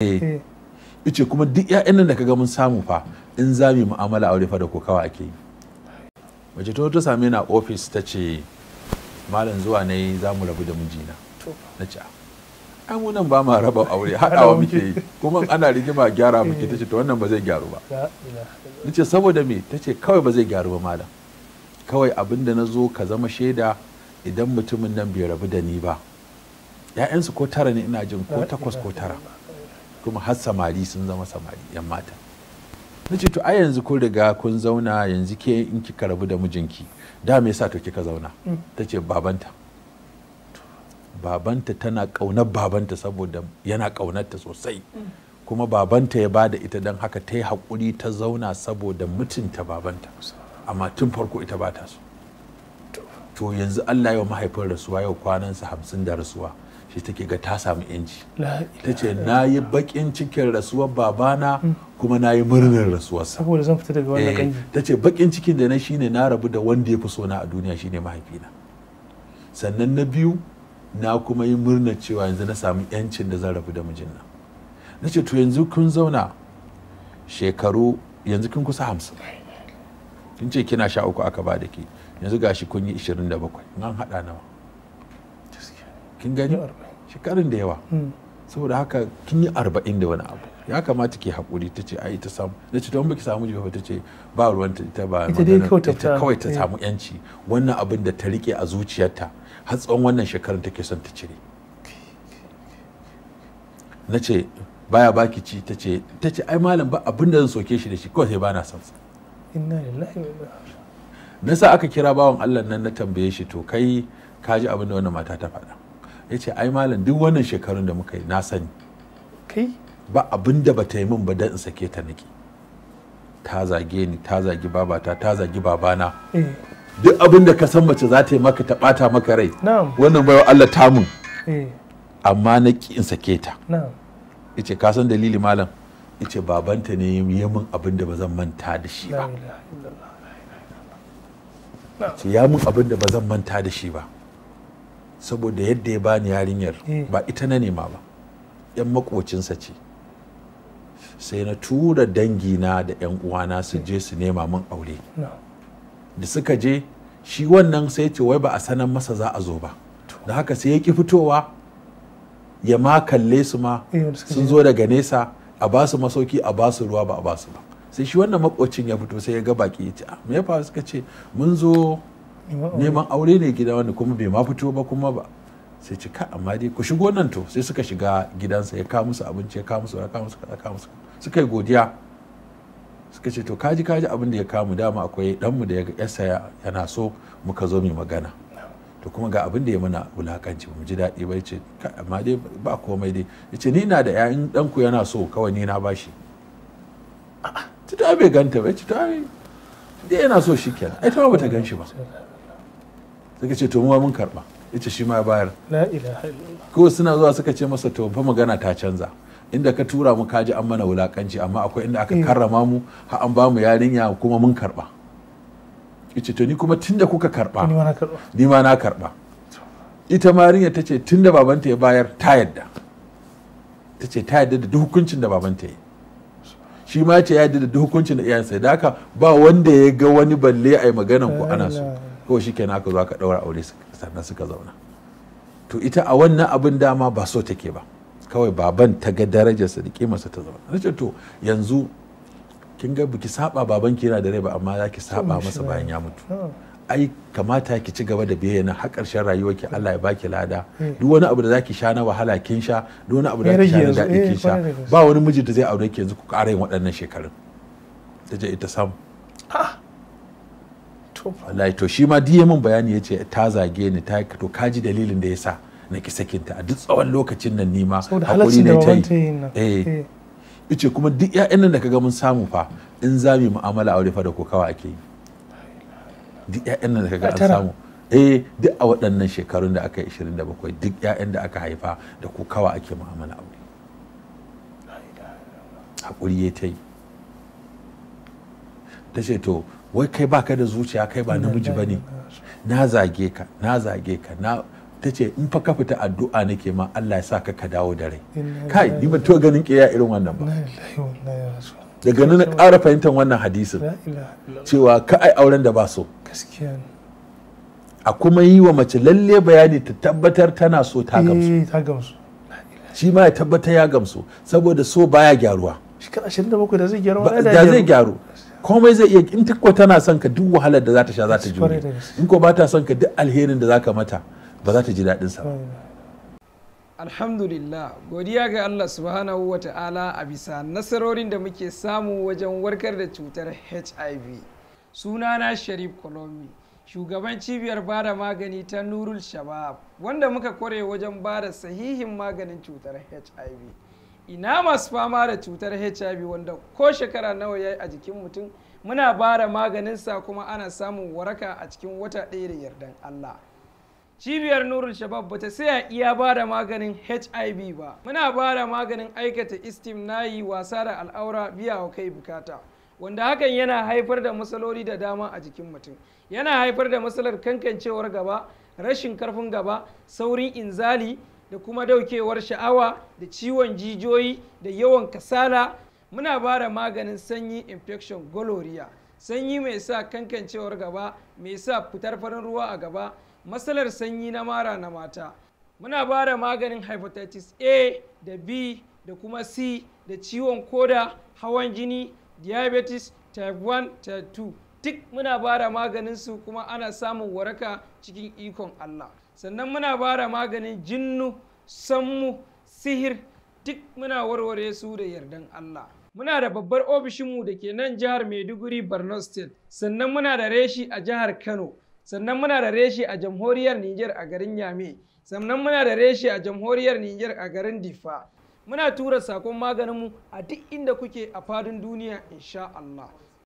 Eh. Eh. ce ice kuma duk yayan nan da kaga mun samu fa in za mu mu'amala aure fa da kokawa ake yi mace ta ta same na ofis ta ce malam zuwa ne za mu rabu da mijina na ce ai mu ba ma raba aure haɗawa muke yi kuma ana rigima gyara muke eh. ta ce to wannan ba zai gyaru ba na ce saboda me ta ce kawai ba zai gyaru ba malam kawai abin da na zo ka zama shaida idan mutumin nan bai rabu da ni ba 'ya'yansu ko tara ne ina jin ko takwas ko tara kuma har samari sun zama samari yan mata na ce to a yanzu kun riga kun zauna yanzu ke in kika rabu da mijinki da me yasa to kika zauna mm. ta ce babanta babanta tana ƙaunar babanta saboda yana ƙaunarta sosai mm. kuma babanta ya bada ita don haka ta yi haƙuri ta zauna saboda mutunta babanta amma tun farko ita ba ta so to yanzu allah yau mahaifin rasuwa yau kwanansa hamsin da rasuwa sai take ga ta samu yanci ta ce na yi bakin cikin rasuwar babana hmm. kuma na yi murnar rasuwarsa saboda zan fita daga wannan eh, ta ce bakin cikin da na shine na rabu da wanda ya fi sona a duniya shine mahaifina sannan na biyu na kuma yi murnar cewa yanzu na samu yancin da zan rabu da mijin nan na ce to yanzu kun zauna shekaru yanzu kin kusa hamsin kin ce kina sha uku aka ba da ke yanzu gashi kun yi 27 nan haɗa nawa kin gani shekarun da yawa hmm. saboda haka kin yi arba'in da wani abu ya kamata ki haƙuri ta ce a ita samu na ce don baki samu ba ta ce ba ruwanta ita ba ita kawai ta samu yanci eh. wannan abin da ta rike a zuciyarta har tsawon wannan shekarun take son ta cire na ce baya baki ci ta ce ta ce ai malam ba abin da zan soke shi da shi kawai sai ba na son sa na sa aka kira bawan Allah nan na tambaye shi to kai ka ji abin da wannan mata ta faɗa ya ce ai malam duk wannan shekarun da muka yi na sani kai ba abin da bata yi min ba dan in sake ta nake ta zage ni ta zagi babata ta zagi babana eh. duk abin da ka san mace za ta yi maka ta bata maka rai wannan bayo Allah ta mun eh. amma na ki in sake ta yace ka san dalili malam yace babanta ne ya min abin da ba zan manta da shi ba ya min abin da ba zan manta da shi ba saboda yadda ya bani yarinyar eh. ba ita na nema ba yan makocinsa ce sai na tura dangina da yan uwana su eh. je su nema min aure da suka je shi wannan sai ce wai ba a sanan masa za a zo ba da haka sai ya ki fitowa ya ma kalle su ma eh, sun zo daga nesa a ba su masauki a ba su ruwa ba a ba su ba sai shi wannan makocin ya fito sai ya ga baki ya ce ah, me ya faru suka ce mun zo neman aure ne gida wanda kuma bai ma fito ba kuma ba sai ci ka amma dai ku shigo nan to sai suka shiga gidansa ya kawo musu abinci ya kawo musu ya kawo musu ya kawo musu suka yi godiya suka ce to kaji kaji abin da ya kamu dama akwai mu da ya ga yasa yana so muka zo mu magana to kuma ga abin da ya mana wulakanci mu ji daɗi ba ce amma dai ba komai dai yace ni na da ƴaƴan ku yana so kawai ni na bashi a'a ta bai ganta ba yace ta dai yana so shikenan ai ta ba ta gan shi ba suka ce to mu mun karba ita shi ma bayar ko suna zuwa suka ce masa to fa magana ta canza inda ka tura mu kaji an mana wulakanci amma akwai inda aka eh. karrama mu har an ba mu yarinya kuma mun karba ita to ni kuma tunda kuka karba ni ma na karba ita mariya ta ce tunda babanta ya bayar ta yadda ta ce ta yadda da hukuncin da babanta ya yi shi ma ce ya yadda da hukuncin da iyayensa da haka ba wanda ya ga wani balle ai maganan ku ana so kawai shi kenan aka zo aka ɗaura aure sannan suka zauna to ita a wannan abin dama ba so take ba kawai baban ta ga darajarsa da kimarsa ta zauna ce to yanzu kin ga biki saba baban ki yana da rai ba amma za ki saba masa bayan ya mutu oh. ai kamata ki ci gaba da biyayya na har ƙarshen rayuwar ki hmm. Allah ya baki lada hmm. duk wani abu da zaki sha na wahala kin sha duk wani abu da zaki sha na daɗi eh, kin sha ba wani miji da zai aure ki yanzu ku ƙara yin waɗannan shekarun ta je ita sam ah! wallahi to shi ma diye mun bayani ya ce ta zage ni ta to kaji dalilin da ya sa na ki ta a duk tsawon lokacin nan ni ma hakuri ne ta yi eh yace kuma duk ƴaƴan nan da kaga mun samu fa in za mu mu'amala aure fa da kawa ake yi duk ƴaƴan nan da kaga an samu eh duk a waɗannan shekarun da aka yi 27 duk ƴaƴan da aka haifa da kawa ake mu'amala aure hakuri ya ta yi ta ce to wai kai baka da zuciya kai ba namiji bane na zage ka na zage ka na ta ce in fa ka fita addu'a nake ma Allah ya sa ka ka dawo da rai kai ni ba to ganin kiyaye irin wannan ba daga ganin na ƙara fahimtar wannan hadisin cewa ka ai auren da ba so a kuma yi wa mace lalle bayani ta tabbatar tana so ta gamsu eh, shi ma ya tabbata ya gamsu saboda so baya gyaruwa da zai gyaru komai zai iya in tikko tana son ka duk wahalar da za ta sha za ta jure in ko ba ta son ka duk alherin da za ka mata ba za ta ji daɗin sa alhamdulillah godiya ga Allah subhanahu wa ta'ala a bisa nasarorin da muke samu wajen warkar da cutar HIV sunana Sharif Kolomi shugaban cibiyar bada magani ta Nurul Shabab wanda muka kware wajen bada sahihin maganin cutar HIV ina masu fama da cutar hiv wanda ko shekara nawa ya yi a jikin mutum muna bara sa kuma ana samun waraka a cikin wata ɗaya da yardan allah cibiyar nurul shabab ba ta saya iya ba da maganin hiv ba muna ba maganin aikata istim nayi wasa da al'aura biya wa kai bukata wanda hakan yana haifar da matsaloli da dama a jikin mutum yana haifar da matsalar kankancewar gaba rashin karfin gaba saurin inzali da kuma daukewar sha'awa da ciwon jijiyoyi da yawan kasala muna ba maganin sanyi infection gonorrhea sanyi mai sa kankancewar gaba mai sa fitar farin ruwa a gaba matsalar sanyi na mara na mata muna ba maganin hepatitis a da b da kuma c da ciwon koda hawan jini diabetes type 1 type 2 duk muna bara maganin su kuma ana samun waraka cikin ikon Allah sannan muna bara maganin jinnu sammu sihir duk muna warware su da yardan Allah muna da babbar ofishinmu da ke nan jihar Maiduguri Borno State sannan muna da reshi a jihar Kano sannan muna da reshi a jamhuriyar Niger a garin Yame sannan muna da reshi a jamhuriyar Niger a garin Difa muna tura sakon maganinmu a duk inda kuke a fadin duniya insha Allah